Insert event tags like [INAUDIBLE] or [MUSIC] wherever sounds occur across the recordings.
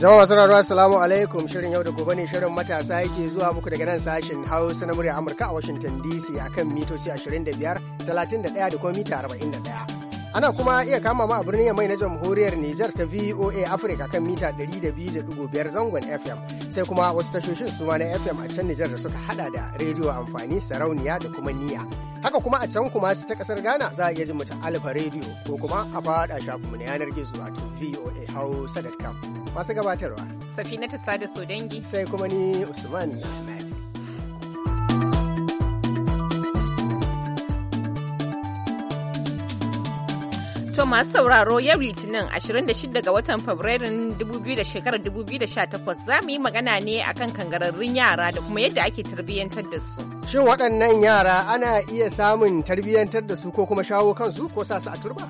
Jama'a ruwa Salamu alaikum shirin yau da gobe ne shirin matasa yake zuwa muku daga nan sashen Hausa na murya Amurka a Washington DC akan mitoci 25, 31 da kuma mita 41. ana kuma iya kama ma a birnin yamai na jamhuriyar Nijar ta VOA Africa kan mita 200.5 zangon FM sai kuma wasu tashoshin suma na FM a can Nijar da suka hada da rediyo amfani sarauniya da kuma niya haka kuma a can kuma su ta kasar Ghana za a iya jin mu Alfa rediyo ko kuma a fada shafinmu na yanar gizo wato hausa.com. masu gabatarwa safinatu sada sodangi sai kuma ni usman To masu sauraro yau Litinin 26 ga watan Fabrairun 2018 za mu yi magana ne akan kangararrun yara da kuma yadda ake tarbiyyantar da su. Shin waɗannan yara ana iya samun tarbiyyantar da su ko kuma shawo kansu ko sa su a turba?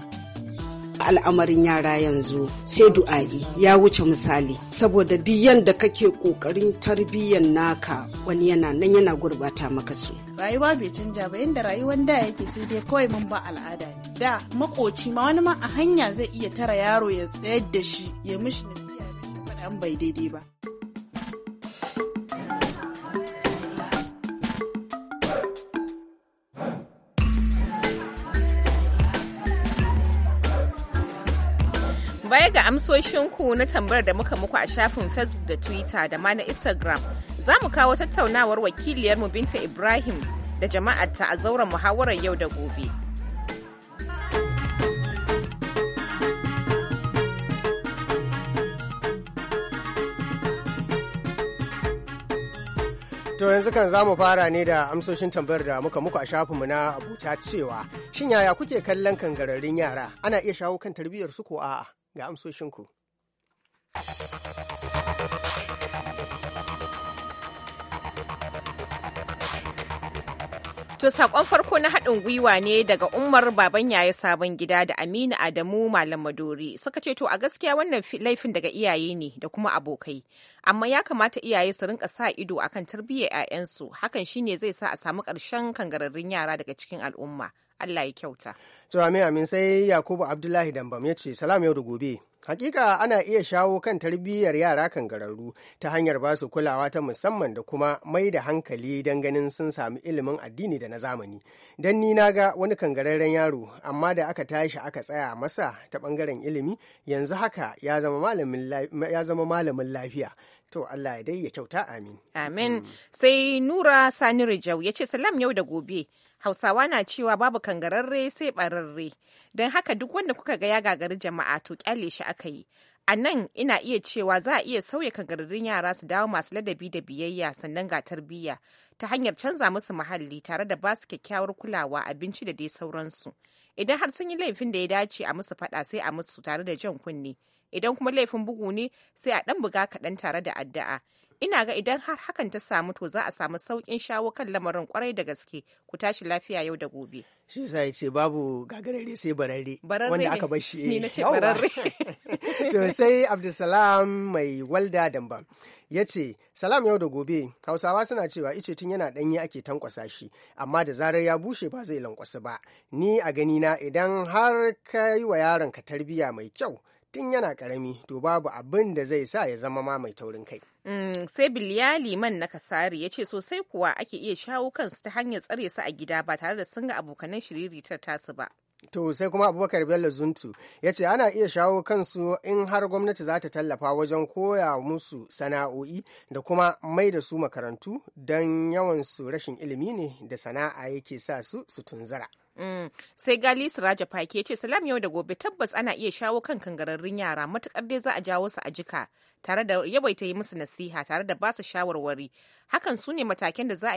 al'amarin yara yanzu sai du'a'i ya wuce misali saboda duk yanda kake kokarin tarbiyyar naka wani yana nan yana gurbata maka su rayuwa bai canja ba yanda rayuwar da yake sai dai kawai mun ba al'ada ne da makoci ma wani ma a hanya zai iya tara yaro ya tsayar da shi ya mishi nasiha bai daidai ba Baya ga amsoshinku na tambayar da muka muku a shafin Facebook da Twitter da ma na Instagram, za mu kawo tattaunawar wakiliyarmu Binta Ibrahim da jama'arta a zauren muhawarar yau da gobe. To yanzu kan za mu fara ne da amsoshin tambayar da muka muku a shafinmu na abuta cewa shin yaya kuke kallon kangararin yara ana iya shawo kan tarbiyyar su ko a'a? ga amsoshinku. To saƙon farko na haɗin gwiwa ne daga Umar Baban Yaya Sabon Gida da Aminu Adamu Malam Madori suka ce to a gaskiya wannan laifin daga iyaye ne da kuma abokai. Amma ya kamata iyaye su rinka sa ido akan tarbiyyar 'ya'yansu hakan shine zai sa a samu ƙarshen kangararrun yara daga cikin al'umma. Allah ya kyauta. To amin amin sai Yakubu Abdullahi Dambam ya ce salam yau da gobe. Hakika ana iya shawo kan tarbiyyar yara kan ta hanyar ba su kulawa ta musamman da kuma mai da hankali don ganin sun sami ilimin addini da na zamani. Don ni na ga wani kangararren yaro amma da aka tashi aka tsaya masa ta bangaren ilimi yanzu haka ya zama malamin lafiya. To Allah ya dai ya kyauta amin. Amin. Sai Nura Sani Rijau ya ce salam yau da gobe. Hausawa na cewa babu kangararre sai bararre, don haka duk wanda kuka ga ya gagari jama'a to kyale shi aka yi. A nan ina iya cewa za a iya sauya kangararrun yara su dawo masu ladabi da biyayya sannan ga tarbiyya ta hanyar canza musu muhalli tare da basu kyakkyawar kulawa abinci da dai sauransu. Idan har sun yi laifin da ya dace a musu faɗa sai a musu tare da jan kunne. Idan kuma laifin bugu ne sai a ɗan buga kaɗan tare da addu'a. ina ga idan har hakan ta samu to za a samu sauƙin shawo kan lamarin kwarai da gaske ku tashi lafiya yau da gobe shi sa ya ce babu gagarare sai bararre wanda aka bar shi ne na eh, ce bararre [LAUGHS] to sai abdulsalam mai walda dambam ya ce salam yau da gobe hausawa suna cewa ice tun yana danyi ake tankwasa shi amma da zarar ya bushe ba zai lankwasa ba ni a ganina idan har ka yi wa yaron ka tarbiyya mai kyau tun yana karami to babu abin da zai sa ya zama ma mai taurin kai. Mm, sai biliya liman na kasari ya ce sosai kuwa ake iya shawo kansu ta hanyar tsare su a gida ba tare da sun ga abokanan shiriritar tasu ba. To sai kuma Abubakar Bello Zuntu ya ce ana iya shawo kansu in har gwamnati za ta tallafa wajen koya musu sana'o'i da kuma mai da su makarantu don yawansu rashin ilimi ne da sana'a yake sa su su tunzara. Mm. Sai Galis Raja Fake ce salam yau da gobe tabbas ana iya shawo kan kangararrun yara matukar dai za a jawo su a jika tare da yawaita yi musu nasiha tare da ba su shawarwari. Hakan su ne matakan da za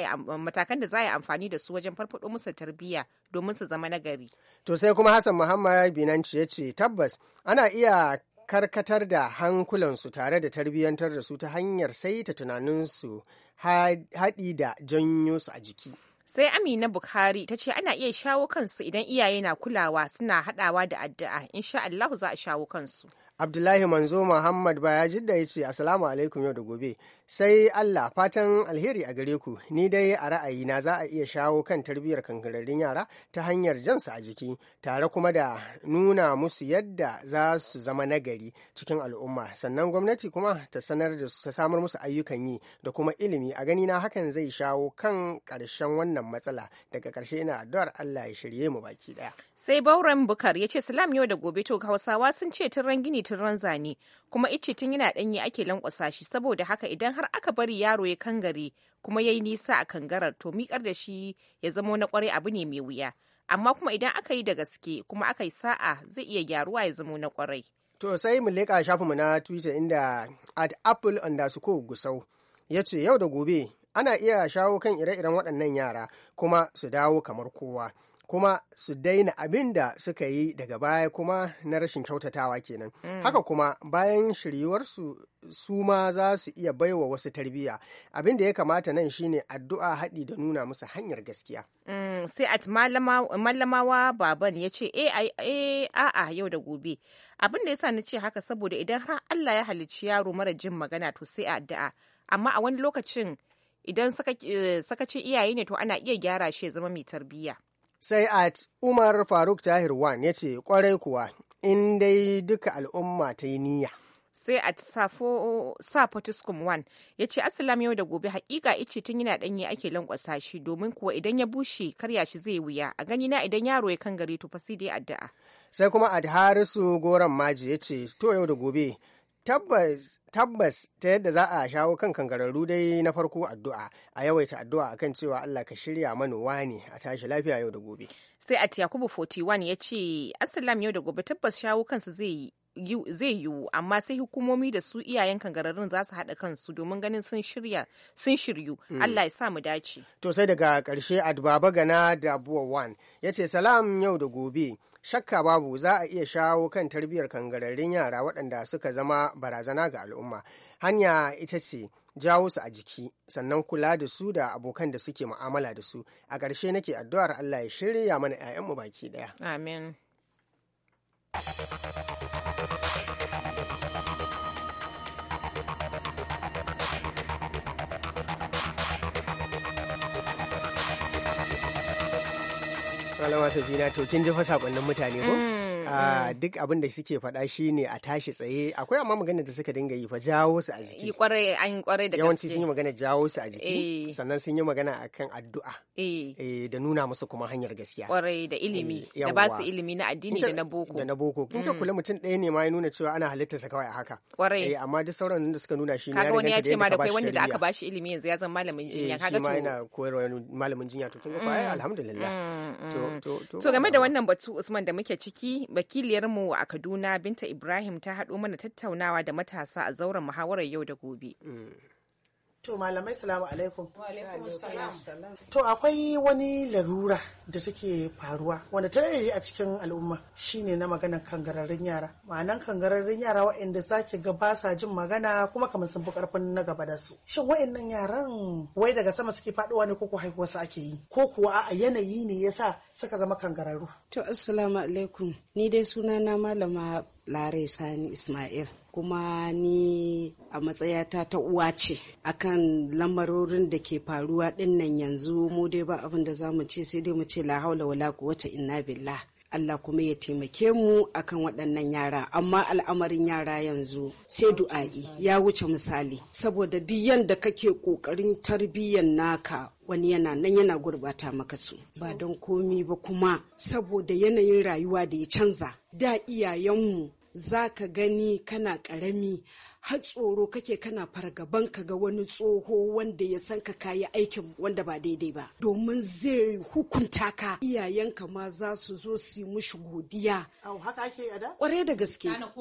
a yi amfani da su wajen farfado musu tarbiyya domin su zama nagari. To sai kuma Hassan Muhammad Binanci ya ce tabbas ana iya karkatar da hankulansu tare da tarbiyyantar da su ta hanyar saita tunaninsu haɗi da janyo su a jiki. sai amina bukhari ta ce ana iya shawo kansu idan iyaye na kulawa suna hadawa da addu'a insha allahu za a shawo kansu Abdullahi Manzo Muhammad Baya Jidda ya ce Assalamu alaikum yau da gobe. Sai Allah fatan alheri a gare ku, ni dai a ra'ayi na za a iya shawo kan tarbiyyar kankararrun yara ta hanyar jansu a jiki, tare kuma da nuna musu yadda za su zama nagari cikin al'umma. Sannan gwamnati kuma ta sanar da ta samar musu ayyukan yi da kuma ilimi a gani na hakan zai shawo kan ƙarshen wannan matsala. Daga ƙarshe ina addu'ar Allah ya shirye mu baki ɗaya. sai bauren bukar ya ce salam yau da gobe to hausawa sun ce ran gini tun ran zane kuma icce tun yana danyi ake lankwasa shi saboda haka idan har aka bari yaro ya kangare kuma ya yi nisa a kangarar to miƙar da shi ya zama na kwarai abu ne mai wuya amma kuma idan aka yi da gaske kuma aka yi sa'a zai iya gyaruwa ya zamo na kwarai to sai mu leƙa mu na twitter inda at apple underscore gusau ya ce yau da gobe ana iya shawo kan ire-iren waɗannan yara kuma su dawo kamar kowa kuma su daina abin da suka yi daga baya kuma na rashin kyautatawa kenan mm. haka kuma bayan shiryuwarsu su ma za su iya baiwa wasu tarbiyya abin da ya kamata nan shine addu'a haɗi da nuna musu hanyar gaskiya mm. sai at mallamawa baban ya ce e, e, a'a yau da gobe abin da yasa na ce haka saboda idan har Allah ya halicci yaro mara jin magana to sai addu'a amma a wani lokacin idan eh, ce iyaye ne to ana iya gyara shi ya zama mai tarbiyya sai at umar faruk tahir wan ya ce kwarai kuwa in dai duka al'umma ta yi niyya sai a safo tiskum potiskum ya ce asalam yau da gobe hakika ice tun yana danye ake lankwasa shi domin kuwa idan ya bushe karya shi zai wuya a gani na idan yaro ya kan gari to fa sai dai addu'a sai kuma ad harisu goran maji ya ce to yau da gobe tabbas tabbas ta yadda za a shawo kan kangararru dai na farko addu'a a yawaita addu'a akan cewa Allah ka shirya manowa ne a tashi lafiya yau da gobe sai a Yakubu 41 ya ce asalam yau da gobe tabbas shawo kansu zai zai yiwu amma sai hukumomi da su iyayen kangararrun za su haɗa kansu domin ganin sun shirya sun shiryu hmm. Allah ya sa mu dace to sai daga karshe adbaba gana da buwa wan ya ce salam yau da gobe shakka babu za a iya shawo kan tarbiyyar kangararrun yara waɗanda suka zama barazana ga al'umma hanya ita ce jawo su a jiki sannan kula da su da abokan da suke mu'amala da su a ƙarshe nake addu'ar allah ya shirya mana 'ya'yanmu baki ɗaya amin malama safina to kin ji fa sakonnin mutane ko mm. Mm, ah, mm. duk abin da suke faɗa shine a tashi tsaye akwai amma magana da suka dinga yi fa jawo su a eh, jiki kwarai an kwarai da yawanci sun yi magana jawo su a jiki eh. sannan sun yi magana akan addu'a eh. da nuna musu kuma hanyar gaskiya kwarai da ilimi da ba su ilimi na addini da na boko da na boko kin ka mm. kula mutum ɗaya ne ma ya nuna cewa ana halitta sa kawai a haka kwarai amma duk sauran da suka nuna shi ne ya wani ya ce ma da kai wanda da aka bashi ilimi yanzu ya zama malamin jinya kaga to yana koyarwa malamin jinya to kin ga alhamdulillah to game da wannan batu Usman da muke ciki wakiliyarmu a Kaduna Binta Ibrahim ta haɗo mana tattaunawa da matasa a zauren muhawarar yau da gobe. Mm. To malamai salamu alaikum. To akwai wani larura da take faruwa wanda ta yi a cikin al'umma shine na magana kangararrun yara. Ma'anan kangararrun yara waɗanda za ga ba sa jin magana kuma kamar sun fi karfin na gaba da su. Shin waɗannan yaran wai daga sama suke faɗuwa ne koko haihuwa su ake yi ko kuwa a yanayi ne yasa suka zama kangararru. To assalamu alaikum. Ni dai suna na malama Lare Sani Ismail. kuma ni a matsayata ta uwa ce akan lamarorin da ke faruwa dinnan yanzu mu dai ba abin da za mu ce sai dai mu ce la haula wala quwwata inna billah Allah kuma ya taimake mu akan waɗannan yara amma al'amarin yara yanzu sai du'a'i ya wuce misali saboda duk yanda kake ƙoƙarin tarbiyyar naka wani yana nan yana gurbata maka su ba don komi ba kuma saboda yanayin rayuwa da ya canza da iyayenmu za ka gani kana ƙarami har tsoro kake kana fargaban ka ga wani tsoho wanda ya san ka kayi aikin wanda ba daidai ba domin zai hukunta ka iyayenka ma za su zo su yi mushi godiya au haka ake ada kware da gaske ɗana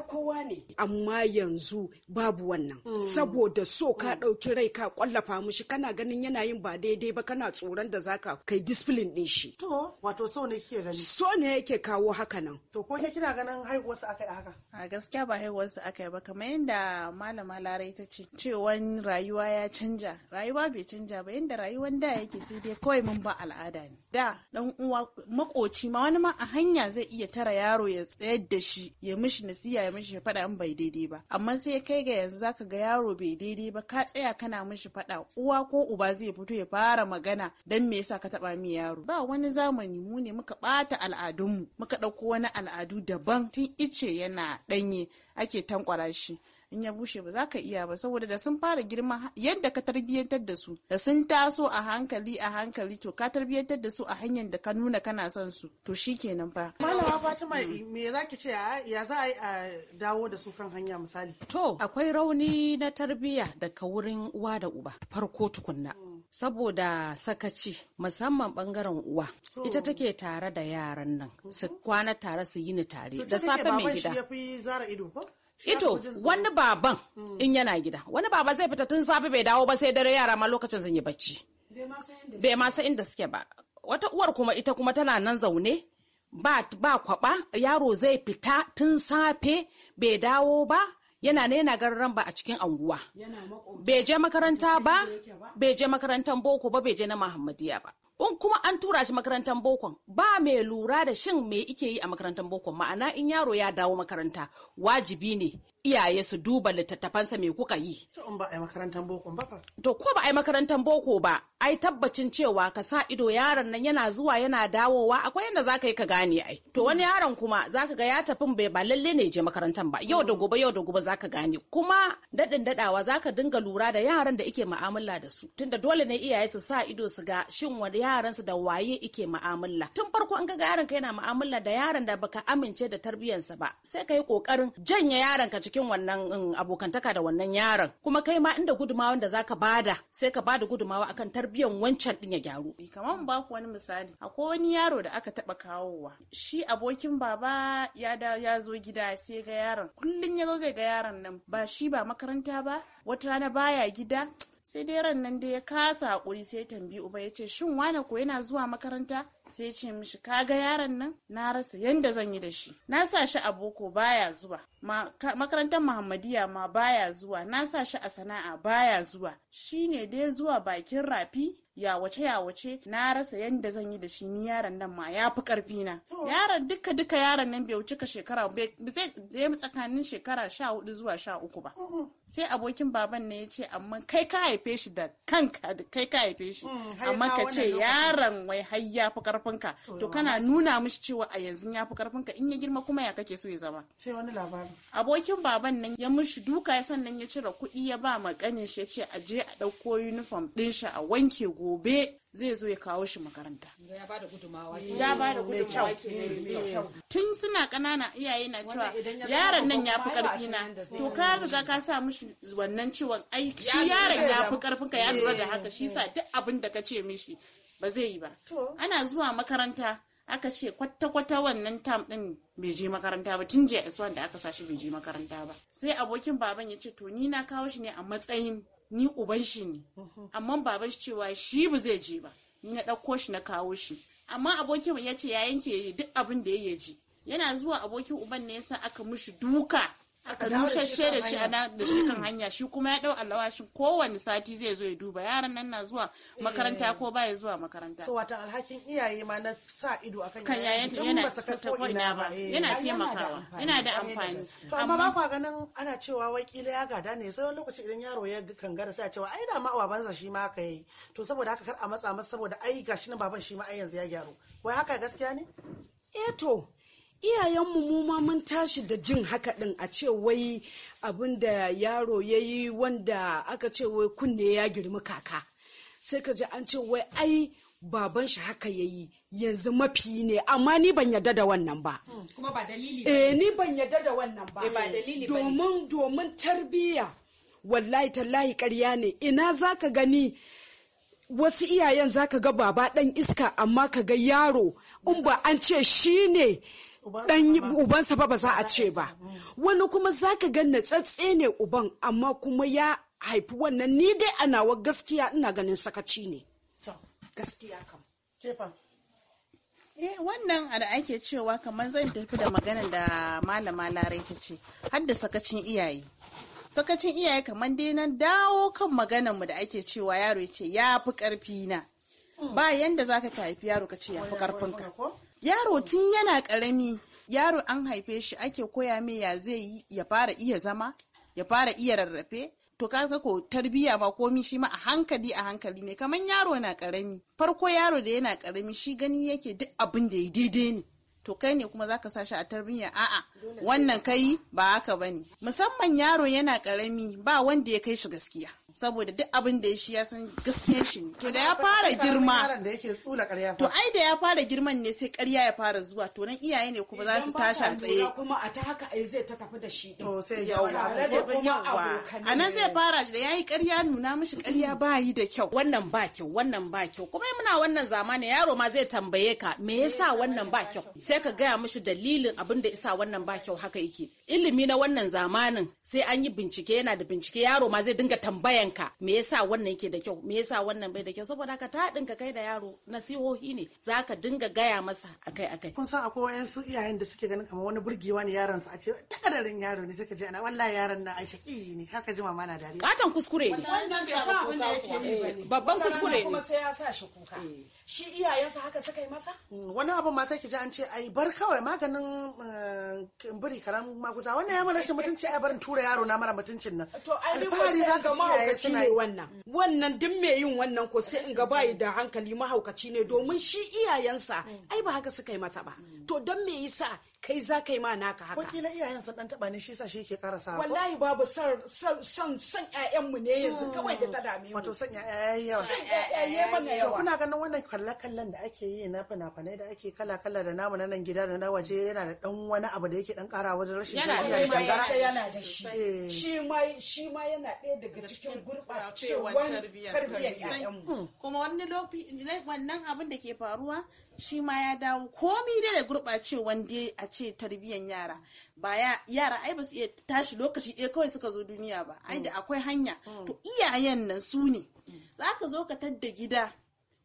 kowa ne amma yanzu babu wannan mm. saboda so ka mm. ɗauki rai ka kwallafa mushi kana ganin yana yin ba daidai ba kana tsoron da zaka kai discipline din shi to wato so ne kike gani so ne yake kawo haka nan to ko kina ganin haihuwarsa aka yi haka a gaskiya ba haihuwarsa aka yi ba kamar kamar yadda malama larai ta ce cewan rayuwa ya canja rayuwa bai canja ba yadda rayuwan da yake sai dai kawai mun ba al'ada ne da dan uwa makoci ma wani ma a hanya zai iya tara yaro ya tsayar da shi ya mishi nasiya ya mishi faɗa in bai daidai ba amma sai kai ga yanzu zaka ga yaro bai daidai ba ka tsaya kana mishi faɗa uwa ko uba zai fito ya fara magana dan me yasa ka taba min yaro ba wani zamani mu ne muka ɓata al'adunmu muka ɗauko wani al'adu daban tun ice yana ɗanye ake tankwara shi in ya bushe ba za ka iya ba saboda da sun fara girma yadda ka tarbiyyantar da su da sun taso a hankali a hankali to ka tarbiyyantar da su a hanyar da ka nuna kana son su to shikenan fa malama fatima me za ki ce ya za a yi a dawo da su kan hanya misali to akwai rauni na tarbiyya daga wurin uwa da uba farko tukunna saboda sakaci musamman bangaren uwa ita take tare da yaran nan su mhm. kwana tare su ni tare da safe mai gida ito wani baban mm. in yana gida wani baba zai fita tun safe bai dawo ba sai dare yara ma lokacin sun yi bacci bai ma san inda suke ba wata uwar kuma ita kuma tana nan zaune ba ba kwaba yaro zai fita tun safe bai dawo ba yana ne yana ganin ba a cikin anguwa bai je makaranta ba bai je makarantar boko ba bai je na muhammadiya ba in kuma an tura shi makarantar bokon ba mai lura da shin me ike yi a makarantar bokon ma'ana in yaro ya dawo makaranta wajibi ne iyaye su duba littattafansa mai kuka yi to ba makarantar ko ba a yi makarantar boko ba ai tabbacin cewa ka sa ido yaron nan yana zuwa yana dawowa akwai yadda zaka yi ka gane ai to wani yaron kuma zaka ga ya tafi bai ba lalle ne je makarantar ba yau da gobe yau da gobe zaka gane kuma dadin dadawa zaka dinga lura da yaran da ike mu'amala da su tunda dole ne iyaye su sa ido su ga shin wani yaransu da waye ike ma'amulla tun farko an ga yaron ka yana ma'amulla da yaron da baka amince da tarbiyyansa ba sai ka yi kokarin janye yaron ka cikin wannan um, abokantaka da wannan yaron kuma kai ma inda gudumawan da zaka bada sai ka bada gudumawa akan tarbiyyan wancan din ya gyaru kamar ba ku wani misali akwai wani yaro da aka taba kawowa shi abokin baba ya da ya zo gida sai ga yaron kullun ya zo zai ga yaron nan ba shi ba makaranta ba wata rana baya gida sai dai ran nan da ya kasa hakuri sai tambi uba ya ce shin wane ko yana zuwa makaranta sai ce mishi kaga yaron nan na rasa yanda zan yi da shi na sa shi a boko baya zuwa makarantar muhammadiya ma baya zuwa na sa shi a sana'a baya zuwa shine dai zuwa bakin rafi yawace yawace na rasa yadda zan yi da shi ni yaron nan ma ya fi karfi na yaron duka duka yaron nan bai wuce ka shekara bai tsakanin shekara sha hudu zuwa sha uku ba mm-hmm. sai abokin baban ne ya ce amma kai ka haife shi da kanka kai ka haife shi mm, amma ka ce yaron wai har ya fi karfin ka to kana nuna mishi cewa a yanzu ya fi karfin ka in ya girma kuma ya kake so ya zama sai wani labari abokin baban nan ya mishi duka sannan ya cire kuɗi ya ba ma kanin shi ya ce a je a ɗauko uniform ɗin shi a wanke gobe zai zo ya kawo shi makaranta. Ya ba da gudumawa ke. Ya ba da gudumawa ke. Tun suna ƙanana iyaye na cewa yaron nan ya fi ƙarfi na. To ka riga ka sa mishi wannan ciwon aiki shi yaron ya fi ƙarfin ka ya lura da eh, haka shi eh. sa duk abin da ka ce mishi ba zai yi ba. Ana zuwa makaranta aka ce kwata-kwata wannan tam ɗin bai je makaranta ba tun jiya da aka sa shi bai je makaranta ba. Sai abokin baban ya ce to ni na kawo shi ne a matsayin ni uban shi ne amma baban shi cewa shi ba zai je ba ni na ɗauko shi na kawo shi amma abokin ya ce ya yanke duk abin da ya ji yana zuwa abokin uban ne yasa aka mushi duka aka da shi ana da shi kan hanya shi kuma ya dau alawashin kowane sati zai zo ya duba yaran nan na zuwa eh. makaranta ko ba ya zuwa makaranta so wata alhakin iyaye ma na sa ido akan yayan ta yana ko ina ba eh. yana taimakawa yana da amfani to amma ba kwa ganin ana cewa wai kila ya gada ne sai lokaci idan yaro ya kangara sai a cewa ai da ma babansa shi ma kai to saboda haka kar a matsa masa saboda ai gashi nan baban shi ma ai yanzu ya gyaru wai haka gaskiya ne eh to iyayenmu mu ma mun tashi da jin haka din a ce wai abin da yaro ya yi wanda aka ce wai kunne ya girma kaka sai ka ji an ce wai ai baban shi haka ya yi yanzu mafi ne amma ni ban yadda da wannan ba hmm, kuma eh, ni ban yadda da wannan ba eh, ba dalili domin domin tarbiyya wallahi tallahi ƙarya ne ina zaka gani wasu iyayen za ka ga baba ɗan iska amma ka ga yaro in ba an ce shi ne dan ubansa ba ba za a ce ba wani kuma za ka ga natsatse ne uban amma kuma ya haifi wannan ni dai a nawa gaskiya ina ganin sakaci ne gaskiya kam Eh wannan da ake cewa kamar zan tafi da maganar da malama larai ta ce hadda sakacin iyaye sakacin iyaye kamar dai na dawo kan maganar mu da ake cewa yaro ya ce ya fi karfi na hmm. ba yanda ka haifi yaro ka ce ya fi karfinka yaro tun yana karami yaro an haife shi ake koya mai ya zai yi ya fara iya zama ya fara iya rarrafe to kaga ko tarbiya ba komi shi ma a hankali a hankali ne kaman yaro na karami farko yaro da yana karami shi gani yake duk abin da ya daidai ne to kai ne kuma zaka sashi a tarbiyya a'a wannan kai ba haka bane musamman yaro yana karami ba wanda ya kai shi gaskiya saboda duk abin da ya shi ya san gaskiyar shi to da ya fara girma to ai da ya fara girman ne sai karya ya fara zuwa to nan iyaye ne kuma za su tashi a tsaye kuma a ta haka ai zai ta tafi da shi to sai yawa a zai fara da yayi karya nuna mishi karya ba yi da kyau wannan ba kyau wannan ba kyau kuma muna wannan zamanin yaro ma zai tambaye ka me yasa wannan ba kyau sai ka gaya mishi dalilin abin da isa wannan ba kyau haka yake ilimi na wannan zamanin sai an yi bincike yana da bincike yaro ma zai dinga tambaya wayanka me yasa wannan ke da kyau me yasa wannan bai da kyau saboda ka ta ka kai da yaro nasihohi ne zaka dinga gaya masa akai akai kun san akwai wayansu iyayen da suke ganin kamar wani burgewa ne yaron su a ce takadarin yaro ne suka je ana wallahi yaron na aisha ki ne haka ji mama na dariya katon kuskure ne wannan bai sa abin da yake yi bane babban kuskure ne kuma sai ya sa shi kuka eh. shi iyayensa haka suka yi masa hmm, wani abu ma sai ki ji an ce ai bar kawai maganin eh, biri karam maguza wannan ya mara rashin mutunci ai barin tura yaro na mara mutuncin nan alfahari za ka ci iyaye kaga shi ne wannan wannan duk mai yin wannan ko sai in ga bayi da hankali mahaukaci ne domin shi iyayensa ai ba haka suka yi masa ba mm. to don me yasa kai za ka yi ma naka haka wakila iyayensa dan taba ne shi yasa shi yake karasa wallahi babu son san ƴaƴan mu ne yanzu mm. kawai da ta dame mu wato san ƴaƴan yawa san ƴaƴaye mana yawa to kuna ganin wannan kalla kallan da ake yi na fina fina da ake kala-kala da namu na nan gida da na waje yana da dan wani abu da yake dan karawa wajen rashin yana da shi shi ma yana ɗaya daga cikin gurɓacewar tarbiyyar mm. kuma wani wannan abin da ke faruwa shi ma ya dawo komi dai da gurɓacewan dai a ce tarbiyyar yara ba yara ai ba su iya tashi lokaci ɗaya kawai suka zo duniya ba ai da mm. akwai hanya mm. to iyayen nan su ne za ka zo ka tadda gida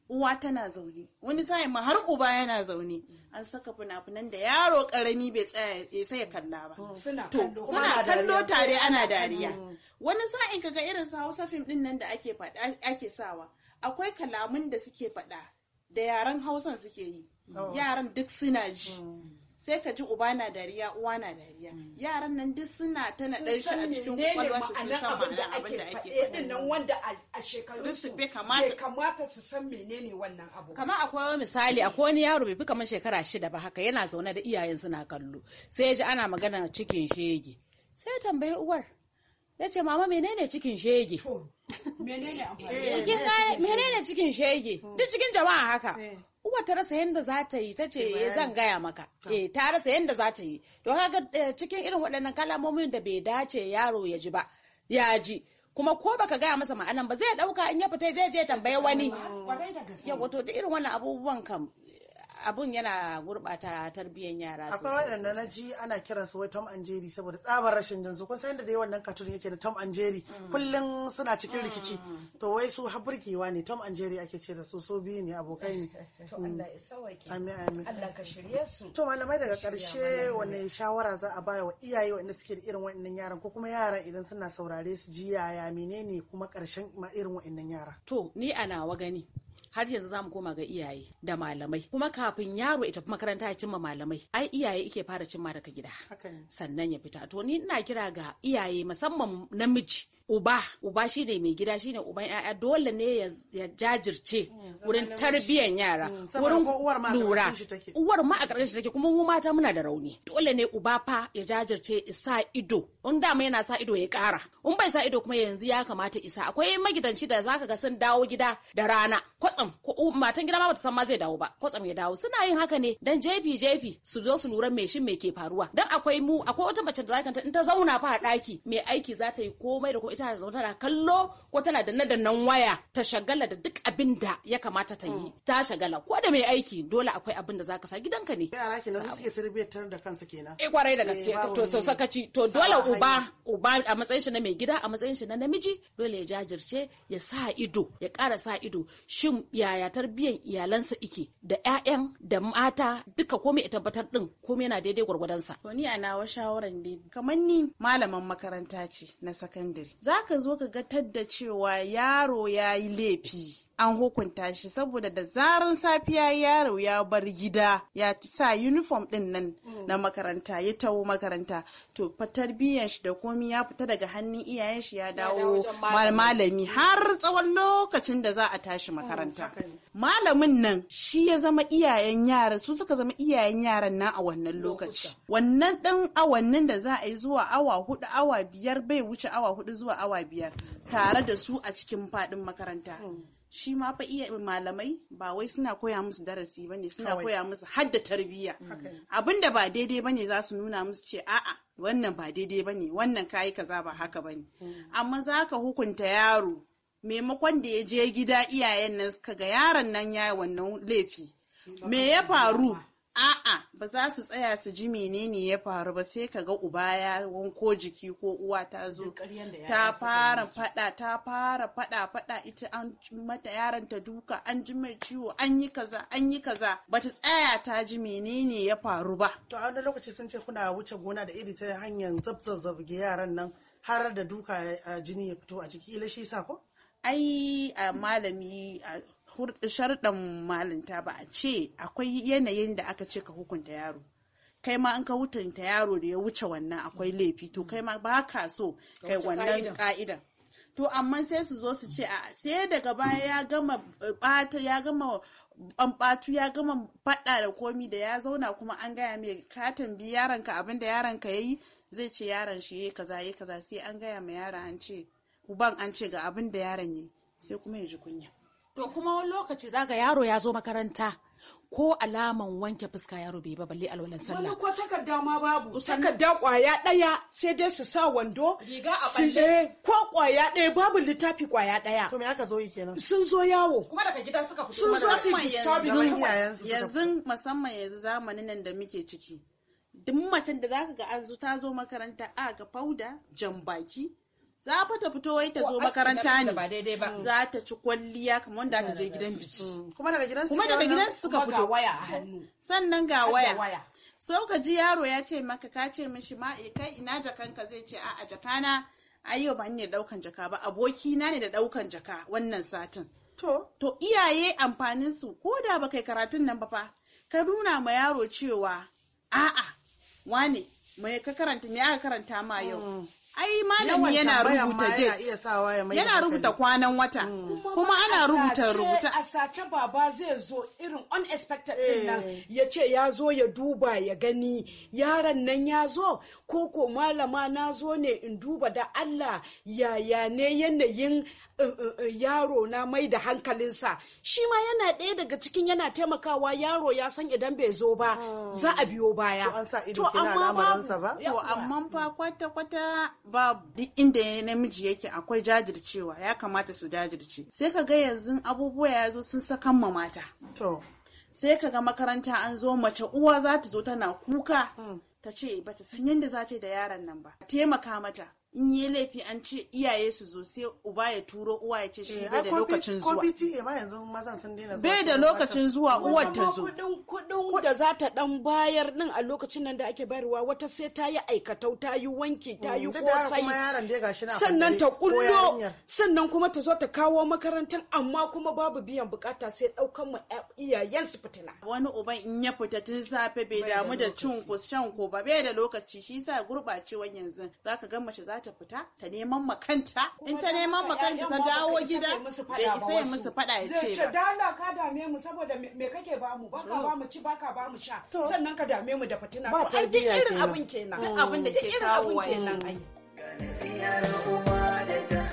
uwa tana zaune wani sa'in ma har uba yana zaune an saka funafunan da yaro karami bai tsaya ya saya kalla ba mm, suna kallo tare ana mm. dariya mm. wani sa'in kaga irin su Hausa fim din nan da ake faɗa sawa akwai kalamun da suke faɗa da yaran Hausan suke yi oh. yaran duk suna ji sai ka ji uba na dariya uwa na dariya mm. yaran nan duk suna ta na dan shi a cikin kwakwalwa su san ma'ana abin da ake faɗi nan wanda a shekaru su bai kamata kamata su san menene wannan abu kamar akwai misali akwai wani yaro bai fi kamar shekara shida ba haka yana zaune da iyayen suna kallo sai ya ji ana magana cikin shege sai ya tambayi uwar ya ce mama menene cikin shege eh, menene cikin shege duk cikin jama'a haka eh. uwa ta rasa yadda za ta yi ta ce eh, zan gaya maka eh ta rasa yadda za ta yi to haka eh, cikin irin waɗannan kalamomin da bai dace yaro ya ji ba ya ji kuma ko baka gaya masa ma'anan ba zai ɗauka in ya fita je je tambaye wani ya wato da irin wannan abubuwan kam abun yana gurbata tarbiyyar yara sosai. Akwai waɗanda na ji ana kiransu wai Tom and Jerry saboda tsabar rashin jinsu kun san da dai wannan cartoon yake da Tom and Jerry mm. kullum suna cikin mm. rikici to wai su haburkewa ne Tom and Jerry ake ce da su so biyu ne abokai ne. [LAUGHS] To Amin amin. To malamai daga karshe wani shawara za a baya wa iyaye waɗanda suke da irin waɗannan yaran ko kuma yaran idan suna saurare su ji yaya menene kuma karshen ma irin waɗannan yara. To ni ana wa gani har yanzu za mu koma ga iyaye da malamai kuma kafin yaro ya tafi makaranta ya cimma malamai ai iyaye ike fara cimma daga gida sannan ya fita to ni ina kira ga iyaye musamman namiji uba uba shi ne mai gida shi ne uban yaya dole ne ya jajirce hmm, wurin tarbiyyar yara hmm, wurin lura uwar ma a ƙarƙashin take kuma mu mata muna da rauni dole ne uba fa ya jajirce isa ido in dama yana sa ido ya kara in bai sa ido kuma yanzu ya kamata isa akwai magidanci da zaka ga sun dawo gida da rana kwatsam kwatsam ko matan gida ma bata san ma zai dawo ba kwatsam ya dawo suna yin haka ne dan jefi jefi su zo su lura me shin me ke faruwa dan akwai mu akwai wata mace da zaka in ta zauna fa a daki mai aiki za ta yi komai da ko ita ta tana kallo ko tana danna dannan waya ta shagala da duk abin da ya kamata ta yi ta shagala ko da mai aiki dole akwai abin da zaka sa gidanka ne yara ke nan suke tarbiyyar da kansu kenan eh kwarai da eh, gaske to to sakaci to dole uba uba a matsayin shi na mai gida a matsayin shi na namiji dole ya jajirce ya sa ido ya ƙara sa ido shin yaya tarbiyyar iyalansa ike da 'ya'yan da mata duka komai ya tabbatar din komai yana daidai gwargwadonsa. To ni a nawa shawaran ne kamar ni malaman makaranta ce na sakandare. Za ka zo ka ga tadda cewa yaro ya yi laifi an hukunta shi saboda da zaran safiya yaro ya bar gida ya sa uniform din nan na mm. makaranta ya taho makaranta to biyan shi da komi ya fita daga hannun iyayen shi ya dawo malami mm. har tsawon lokacin da za a tashi mm, makaranta malamin nan shi ya zama iyayen yaran su suka zama iyayen yaran na a wannan lokaci wannan dan awannin da za a yi zuwa awa hudu awa biyar bai wuce awa hudu zuwa awa biyar tare da su a cikin fadin makaranta shi ma fa iya malamai ba wai suna koya musu darasi ba ne suna koya musu hadda tarbiyya mm. abin da ba daidai ba ne za su nuna musu ce a'a wannan ba daidai ba ne wannan kayi kaza ba haka ba ne mm. amma za ka hukunta yaro maimakon da ya je gida iyayen nan suka ga yaron nan ya wannan laifi me ya faru a'a ba za su tsaya su ji menene ya faru ba sai ka ga uba ya wanko jiki ko uwa ta zo ta fara fada ta fara fada fada ita an mata yaron ta duka an ji mai ciwo an yi kaza an yi kaza ba ta tsaya ta ji menene ya faru ba to a wani lokaci sun ce kuna wuce gona da iri ta hanyar zabzazzabge yaran nan har da duka eh, jini ya fito a jiki ila shi sa ko ai malami sharɗan malinta ba a ce akwai yanayin da aka ce ka hukunta yaro kai ma an ka hukunta yaro da ya wuce wannan akwai laifi to kai ma ba ka so kai wannan ka'idan to amma sai su zo su ce a sai daga baya ya gama bata eh, ya gama batu ya gama faɗa da komi da ya zauna kuma an gaya mai ka tambi yaronka abin da yaronka ya yi zai ce yaron shi yayi kaza yayi kaza sai an gaya ma yaron an ce uban an ce ga abin da yaron yi sai kuma ya ji kunya to kuma wani lokaci zaga yaro ya zo makaranta ko alaman wanke fuska yaro bai ba balle alwalan sallah wani ko takarda ma babu takarda kwaya ɗaya, sai dai su sa wando riga a balle eh, ko kwaya ɗaya. babu littafi kwaya ɗaya. to me aka zo yi kenan sun zo yawo kuma daga gida suka fito sun zo su disturbing yanzu musamman yanzu zamanin nan da muke ciki duk macen da zaka ga an zo ta zo makaranta a ga fauda jan baki za fa ta fito wai ta zo makaranta ne za ta ci kwalliya kamar wanda ta je gidan biki mm. kuma daga gidan su suka fito waya a hannu sannan ga waya sau ka ji yaro ya ce maka ka ce mishi ma eh, kai ina jakanka zai ce a'a jakana ayo ba ne daukan jaka ba aboki na ne da daukan jaka wannan satin to to iyaye amfanin su ko da ba kai karatun nan ba fa ka nuna ma yaro cewa a'a wane mai ka karanta me aka karanta ma yau mm. ai malami yana rubuta dates yana rubuta kwanan wata mm. kuma ana rubuta rubuta a sace baba zai zo irin unexpected din nan eh. ya ce ya zo ya duba ya gani yaron nan ya zo ko ko malama na zo ne in duba da Allah yaya ne yanayin uh, uh, uh, yaro na mai da hankalinsa shi ma yana ɗaya daga cikin yana taimakawa yaro ya san idan bai zo ba ah. za a biyo baya to amma ba kwata kwata Babu. duk inda namiji yake akwai jajircewa ya kamata su jajirce sai ka ga yanzu abubuwa ya zo sun sakan ma mata to sai ka ga makaranta an zo mace uwa za ta zo tana kuka hmm. ta ce ba ta san yadda za ta yi da yaron nan ba taimaka mata in yi laifi an ce iyaye su zo sai uba ya turo uwa ya ce shi eh, bai da lokacin zuwa. Kofi ma yanzu mazan sun daina zuwa. Bai da lokacin zuwa uwar ta zo. Kudin da za ta dan bayar din a lokacin nan da ake bayarwa wata sai ta yi aikatau ta yi wanki ta yi mm, kosai. Sannan ta kullo sannan kuma ta zo ta kawo makarantar amma kuma babu biyan bukata sai daukan mu iyayen su fitina. Wani uban in ya fita tun safe bai damu da cin ko shan ko ba bai da lokaci shi yasa gurbacewan yanzu zaka ga mace za ta fita ta neman makanta in ta neman makanta ta dawo gida bai isa ya musu fada ya ce ba dala ka dame mu saboda me kake ba mu baka ba mu ci baka ba mu sha sannan ka dame mu da fitina ba ai duk irin abin kenan duk abin da ke kawo kenan ai ganin siyar uba da ta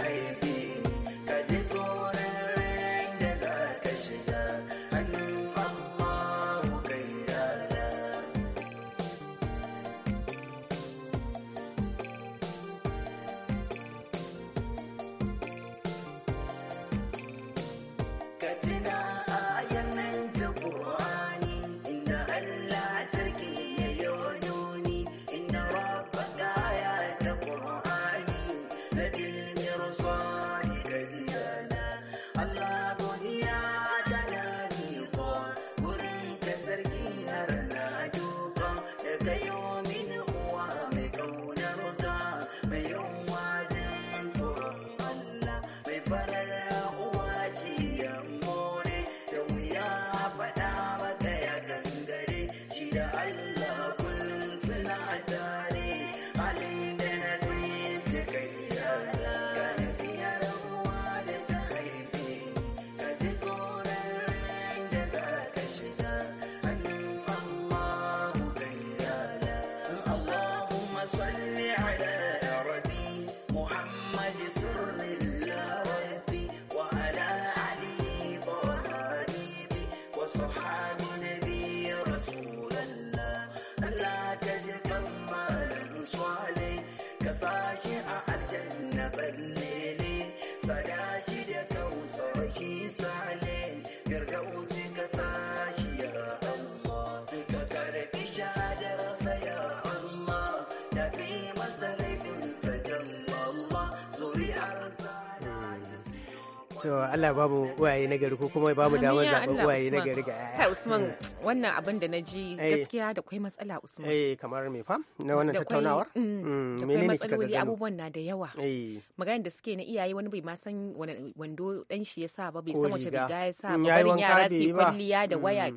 to Allah ba mu uwaye na gari ko kuma ba mu damar zaɓen uwaye na gari ga yaya. Usman mm. wannan abin da na ji eh. gaskiya da kwai matsala Usman. Eh kamar me fa na wannan tattaunawar? Da kwai mm, mm, matsaloli abubuwan na da yawa. Eh. Maganar da suke na iyaye wani bai ma san wando dan shi ya sa ba bai san wace riga ya sa ba barin yara su kwalliya da waya.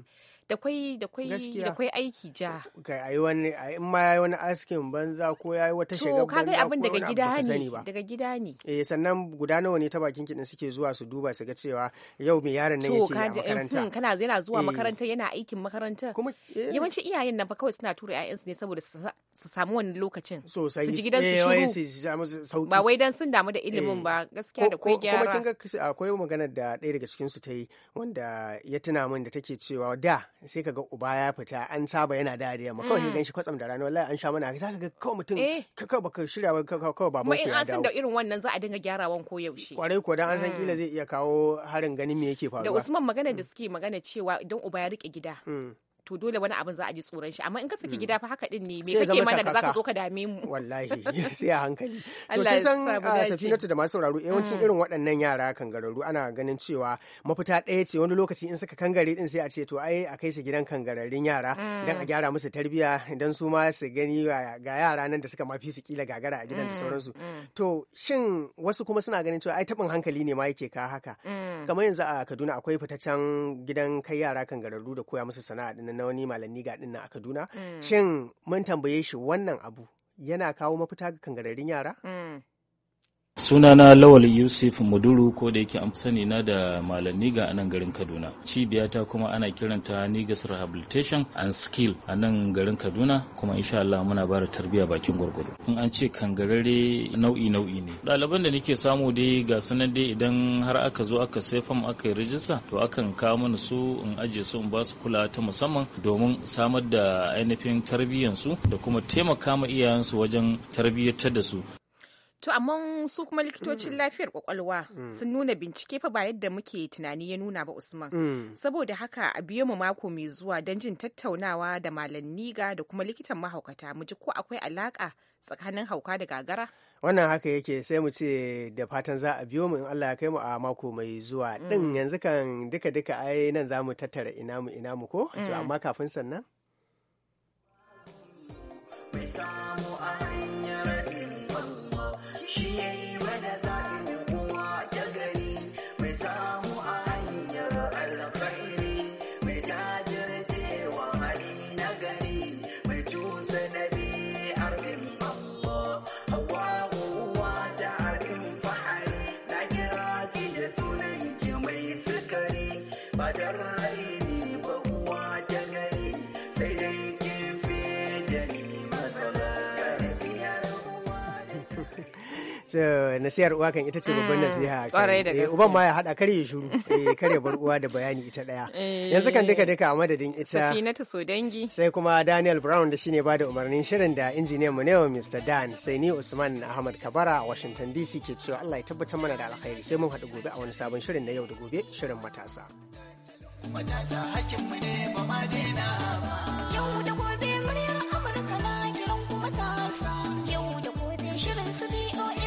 da kwai da kwai da kwai aiki ja ga ayi wani in ma yayi wani askin banza ko yayi wata shiga banza to kaga abin daga gida ne daga gida ne eh sannan guda nawa ne ta bakin kidin suke zuwa su duba su ga cewa yau me yaron nan yake a eh, makaranta hmm, kana yana zuwa eh. makaranta yana aikin makaranta kuma eh. yawanci iyayen nan fa kawai suna tura ƴaƴansu ne saboda su samu wani lokacin su ji gidan su shiru ba wai dan sun damu da ilimin ba gaskiya da kwai gyara kuma kin ga akwai maganar da ɗaya daga cikin su ta yi wanda ya tuna min da take cewa da sai kaga uba ya fita an saba yana dariya ma kawai mm. gan shi kwatsam da rana wallahi an sha mana za ka kawai mutum eh. kawai baka shirya ba kawai ba in an san da irin wannan za a dinga gyarawan ko yaushe kwarai ko dan an san mm. kila zai iya kawo harin ganin me yake faruwa da Usman mm. magana da suke magana cewa idan uba ya rike gida to dole wani abin za a ji tsoron shi amma in ka saki hmm. gida fa haka din ne me kake mana da zaka zo ka dame mu wallahi [LAUGHS] sai a hankali to kin san ah, safinatu da masu sauraro yawancin hmm. irin waɗannan yara kangararru ana ganin cewa mafita ɗaya ce wani lokaci in suka kangare din sai a ce to ai a kai su gidan kangararrun yara hmm. dan a gyara musu tarbiyya dan su ma su gani ga yara nan da suka mafi su kila gagara a gidan da sauransu to shin wasu kuma suna ganin cewa ai tabin hankali ne ma yake ka haka kamar yanzu a Kaduna akwai fitaccen gidan kai yara kangararru da koya musu sana'a din na wani malami ga din a Kaduna mm. shin mun tambaye shi wannan abu yana kawo mafita ga kangararin yara mm. sunana lawal yusuf muduru ko da yake an sani na da malam ga anan garin kaduna cibiyata kuma ana kiranta nigas rehabilitation and skill a nan garin kaduna kuma insha Allah muna ba da tarbiyya bakin gwargwado in an ce kangarare nau'i nau'i ne ɗaliban da nake samu dai ga sanar dai idan har aka zo aka sai fam aka yi rijista to akan kawo mana su in aje su in ba su kula ta musamman domin samar da ainihin tarbiyyansu da kuma taimaka ma iyayensu wajen tarbiyyatar da su To amma su kuma likitocin hmm. lafiyar kwakwalwa hmm. sun nuna bincike fa ba yadda muke tunani ya nuna ba Usman. Hmm. Saboda haka a biyo mu mako mai zuwa don jin tattaunawa da malam Niga da kuma likitan mahaukata mu ji ko akwai alaka tsakanin hauka da gagara. Wannan haka yake sai mu ce da fatan za a biyo mu in Allah ya kai mu a mako mai zuwa. Din yanzu kan duka duka ai nan za mu tattara ina mu ina mu ko? To amma kafin sannan. Mai samu ai she ain't. nasihar uwa kan ita ce babban mm, nasiha eh, uban ma ya hada kare ya shuru eh, kare bar uwa da bayani ita daya eh. yanzu kan duka duka a madadin ita safinatu sodangi sai kuma daniel brown da shine bada umarnin shirin da injiniyan mu wa mr dan sai ni usman ahmad kabara a washington dc ke cewa allah ya tabbatar mana da alkhairi sai mun hadu gobe a wani sabon shirin na yau da gobe shirin matasa matasa mu ne ba ma daina yau da gobe muryar amurka na kiran kuma matasa yau da gobe shirin su boa